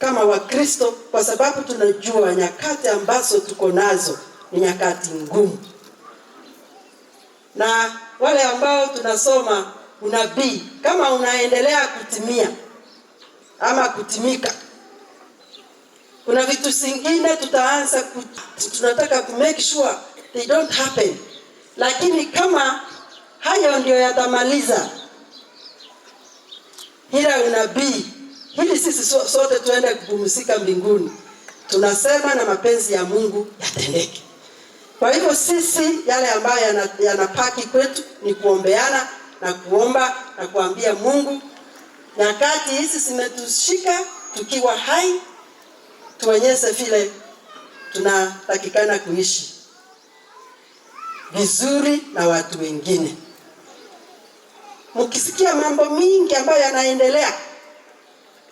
kama Wakristo, kwa sababu tunajua nyakati ambazo tuko nazo ni nyakati ngumu, na wale ambao tunasoma unabii kama unaendelea kutimia ama kutimika, kuna vitu zingine tutaanza tunataka ku make sure they don't happen, lakini kama hayo ndio yatamaliza hila unabii ili sisi sote tuende kupumzika mbinguni. Tunasema na mapenzi ya Mungu yatendeke. Kwa hivyo sisi yale ambayo yanapaki yana kwetu ni kuombeana na kuomba na kuambia Mungu nyakati hizi zimetushika tukiwa hai, tuonyeshe vile tunatakikana kuishi vizuri na watu wengine. Mkisikia mambo mingi ambayo yanaendelea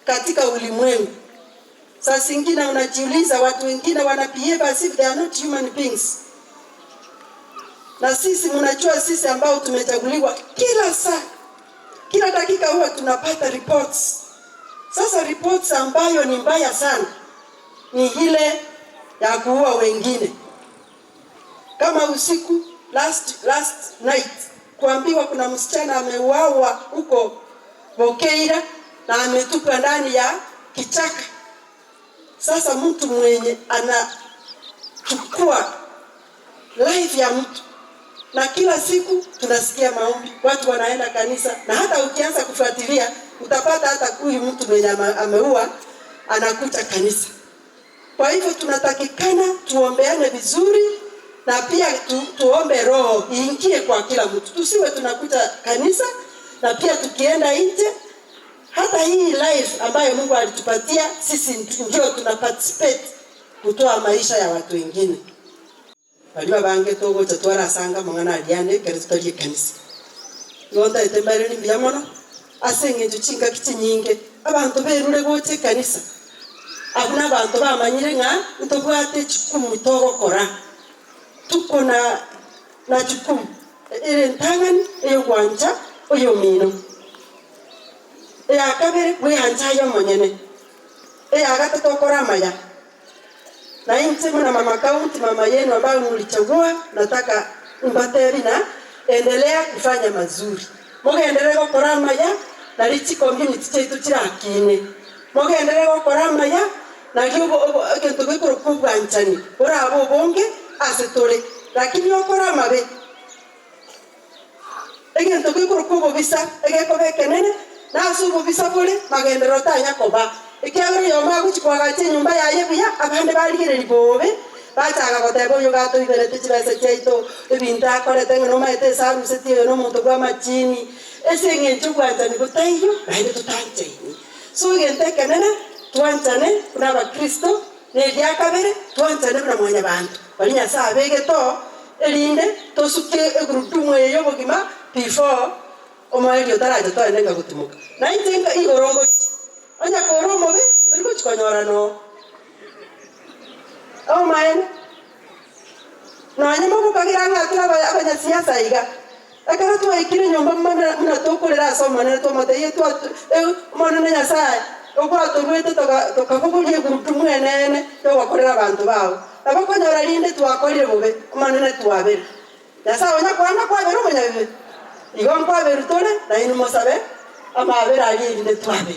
katika ulimwengu. Saa zingine unajiuliza watu wengine wana behave as if they are not human beings, na sisi mnajua, sisi ambao tumechaguliwa kila saa, kila dakika huwa tunapata reports. Sasa reports ambayo ni mbaya sana ni ile ya kuua wengine, kama usiku last, last night kuambiwa kuna msichana ameuawa huko Bokeira na ametupa ndani ya kichaka. Sasa mtu mwenye anachukua life ya mtu, na kila siku tunasikia maombi, watu wanaenda kanisa, na hata ukianza kufuatilia utapata hata huyu mtu mwenye ameua anakuta kanisa. Kwa hivyo tunatakikana tuombeane vizuri na pia tu, tuombe roho iingie kwa kila mtu, tusiwe tunakuta kanisa na pia tukienda nje hata hii life ambayo Mungu alitupatia sisi ndio tuna participate kutoa maisha ya watu wengine balima bange togo sanga mang'ana aliane keretutarie kanisa Ngonda etembareri ni mono asenge eng'encho kiti nyinge abantu berure gocha ekanisa abuna abanto bamanyire ng'a te chikumu togo kora. tuko na na chikumu e, ere entang'ani eyogwancha oyomino ya kabiri kwianja yo mwenyene ya gatatu okora maya na inti muna mama kaunti mama yenu ambayo mulichagua nataka mbateri na endelea kufanya mazuri kwa gukora maya na richi community chetu endelea kwa gukora maya na kiugo kintu gikuru nchani ura abo bonge asetole lakini okora mabe visa, gikuru kububisa kenene, nasubu bisabule magendero ta yakoba ikiagere yoma guchikwagache nyumba ya yebuya abande baligere bobe bachaga goteba uyu gatuithere tichibesa chiaito ebinto akorete ng'o nomaete esarusetie oyo na bwa machini ase eng'encho bwanchani gotaiyo naende totanchaini so egento ekenene twanchane buna abakristo na eria twanchane buna mwanya banto bari nyasaye abegete erinde tosuke egurudumu eyo obogima before omaerio t a r a g i t o a r nenga gutimoka naite nga igorongochi onya koro omobe n o i r i g o c h i konyora no omaene n o n y e m o g o k a g e r a ng'atira abanyasiasa iga ekero twaikire nyomba muna tokorera asomanere t o m o t e i y e o mwana n e, nyasaye ogwatobwete tokabogoria egundu mwenene togokorera abanto bago nabo konyora rinde twakorire bobe omwana ne twabere nyasaye onya k o a n a kwabere omonyabibe igon kwabera utone naine mosabe amabere agende twabe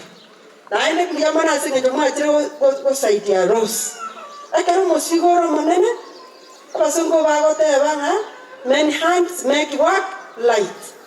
naende kuria mana ase eng'encho mwachire gosaidia rose ekero omosigo ore omonene abasongo bagoteba ng'a many hands make work light